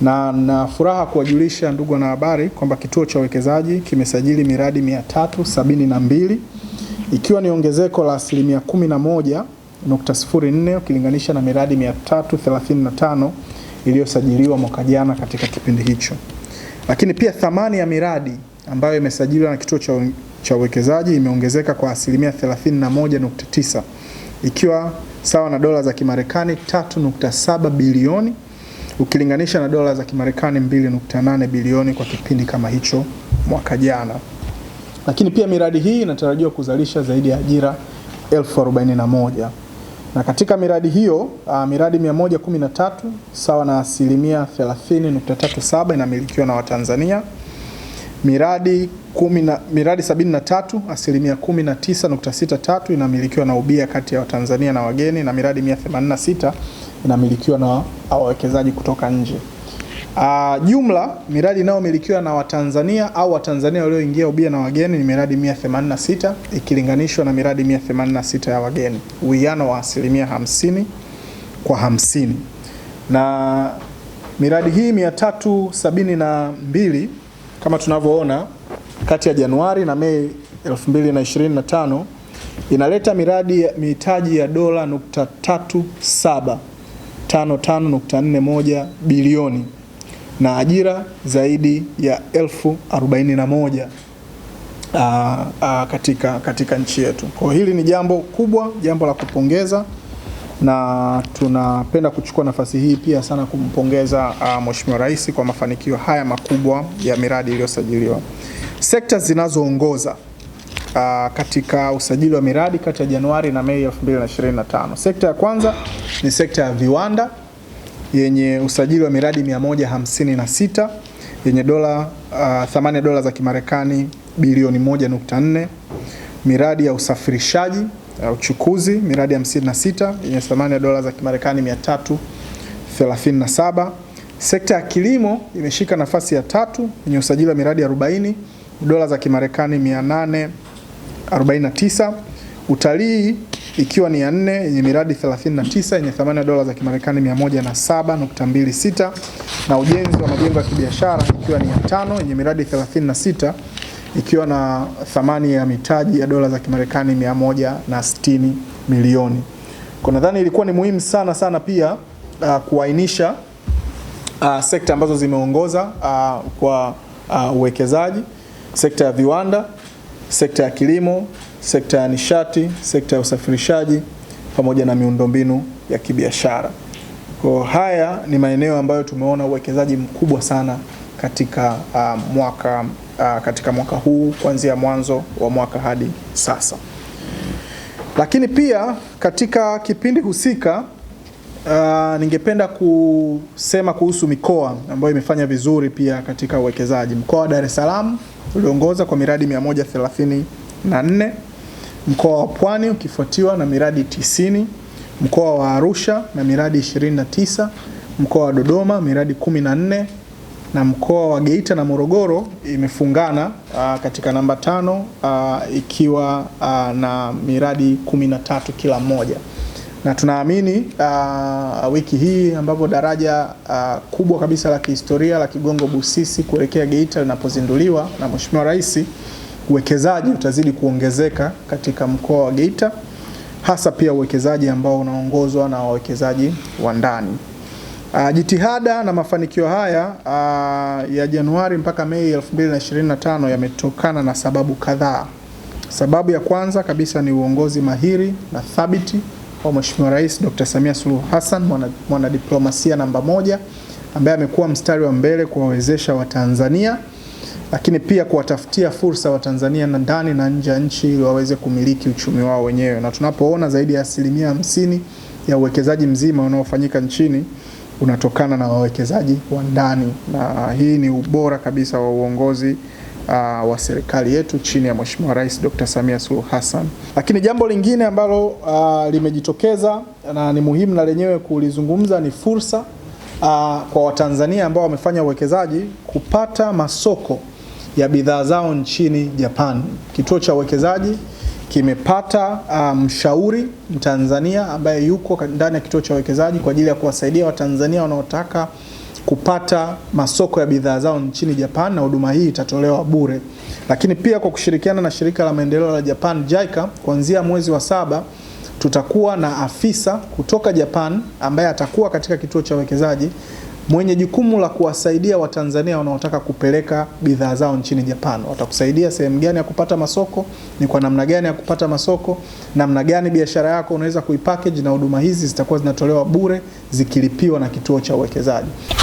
na na furaha kuwajulisha ndugu wanahabari kwamba kituo cha uwekezaji kimesajili miradi 372 ikiwa ni ongezeko la asilimia 11.04 ukilinganisha na miradi 335 iliyosajiliwa mwaka jana katika kipindi hicho. Lakini pia thamani ya miradi ambayo imesajiliwa na kituo cha uwekezaji imeongezeka kwa asilimia 31.9 ikiwa sawa na dola za Kimarekani 3.7 bilioni ukilinganisha na dola za Kimarekani 2.8 bilioni kwa kipindi kama hicho mwaka jana. Lakini pia miradi hii inatarajiwa kuzalisha zaidi ya ajira elfu arobaini na moja na katika miradi hiyo uh, miradi 113 sawa na asilimia 30.37 inamilikiwa na Watanzania. Miradi kumi na, miradi 73 asilimia 19.63 inamilikiwa na ubia kati ya Watanzania na wageni na miradi 186 inamilikiwa na wawekezaji kutoka nje. Uh, jumla miradi inayomilikiwa na Watanzania au Watanzania walioingia ubia na wageni ni miradi 186 ikilinganishwa na miradi 186 ya wageni, uwiano wa asilimia 50 kwa 50. Na miradi hii 372 kama tunavyoona kati ya Januari na Mei 2025 inaleta miradi mitaji ya dola nukta tatu saba 55.41 bilioni na ajira zaidi ya elfu arobaini na moja aa, ah, aa, ah, katika, katika nchi yetu. Kwa hili ni jambo kubwa, jambo la kupongeza na tunapenda kuchukua nafasi hii pia sana kumpongeza uh, Mheshimiwa Rais kwa mafanikio haya makubwa ya miradi iliyosajiliwa. Sekta zinazoongoza uh, katika usajili wa miradi kati ya Januari na Mei 2025. Sekta ya kwanza ni sekta ya viwanda yenye usajili wa miradi 156 yenye dola uh, thamani ya dola za Kimarekani bilioni 1.4. Miradi ya usafirishaji ya uchukuzi miradi 56 yenye thamani ya dola za Kimarekani 337. Sekta ya kilimo imeshika nafasi ya tatu yenye usajili wa miradi 40 dola za Kimarekani 49, utalii ikiwa ni ya nne yenye miradi 39 yenye thamani ya dola za Kimarekani 107.26 na ujenzi wa majengo ya kibiashara ikiwa ni ya tano yenye miradi 36 ikiwa na thamani ya mitaji ya dola za Kimarekani 160 milioni. Kwa nadhani ilikuwa ni muhimu sana sana pia uh, kuainisha uh, sekta ambazo zimeongoza uh, kwa uh, uwekezaji, sekta ya viwanda sekta ya kilimo, sekta ya nishati, sekta ya usafirishaji pamoja na miundombinu ya kibiashara. Kwa haya ni maeneo ambayo tumeona uwekezaji mkubwa sana katika uh, mwaka uh, katika mwaka huu kuanzia mwanzo wa mwaka hadi sasa. Lakini pia katika kipindi husika uh, ningependa kusema kuhusu mikoa ambayo imefanya vizuri pia katika uwekezaji. Mkoa wa Dar es Salaam uliongoza kwa miradi 134, mkoa wa Pwani ukifuatiwa na miradi 90, mkoa wa Arusha na miradi 29, mkoa wa Dodoma miradi 14 na mkoa wa Geita na Morogoro imefungana aa, ah, katika namba tano aa, ah, ikiwa aa, ah, na miradi 13 kila mmoja na tunaamini uh, wiki hii ambapo daraja uh, kubwa kabisa la kihistoria la Kigongo Busisi kuelekea Geita linapozinduliwa na Mheshimiwa Rais, uwekezaji utazidi kuongezeka katika mkoa wa Geita, hasa pia uwekezaji ambao unaongozwa na wawekezaji wa ndani. Uh, jitihada na mafanikio haya uh, ya Januari mpaka Mei 2025 yametokana na sababu kadhaa. Sababu ya kwanza kabisa ni uongozi mahiri na thabiti wa Mheshimiwa Rais Dr. Samia Suluhu Hassan, mwanadiplomasia mwana namba moja ambaye amekuwa mstari wa mbele kuwawezesha Watanzania lakini pia kuwatafutia fursa Watanzania na ndani na nje ya nchi ili waweze kumiliki uchumi wao wenyewe, na tunapoona zaidi ya asilimia hamsini ya uwekezaji mzima unaofanyika nchini unatokana na wawekezaji wa ndani, na hii ni ubora kabisa wa uongozi uh, wa serikali yetu chini ya Mheshimiwa Rais Dr. Samia Suluhu Hassan. Lakini jambo lingine ambalo uh, limejitokeza na ni muhimu na lenyewe kulizungumza ni fursa uh, kwa Watanzania ambao wamefanya uwekezaji kupata masoko ya bidhaa zao nchini Japan. Kituo cha uwekezaji kimepata uh, mshauri um, Mtanzania ambaye yuko ndani ya kituo cha uwekezaji kwa ajili ya kuwasaidia Watanzania wanaotaka kupata masoko ya bidhaa zao nchini Japan na huduma hii itatolewa bure. Lakini pia kwa kushirikiana na shirika la maendeleo la Japan JICA, kuanzia mwezi wa saba tutakuwa na afisa kutoka Japan ambaye atakuwa katika kituo cha uwekezaji mwenye jukumu la kuwasaidia Watanzania wanaotaka kupeleka bidhaa zao nchini Japan. Watakusaidia sehemu gani ya kupata masoko, ni kwa namna gani ya kupata masoko, namna gani biashara yako unaweza kuipackage, na huduma hizi zitakuwa zinatolewa bure zikilipiwa na kituo cha uwekezaji.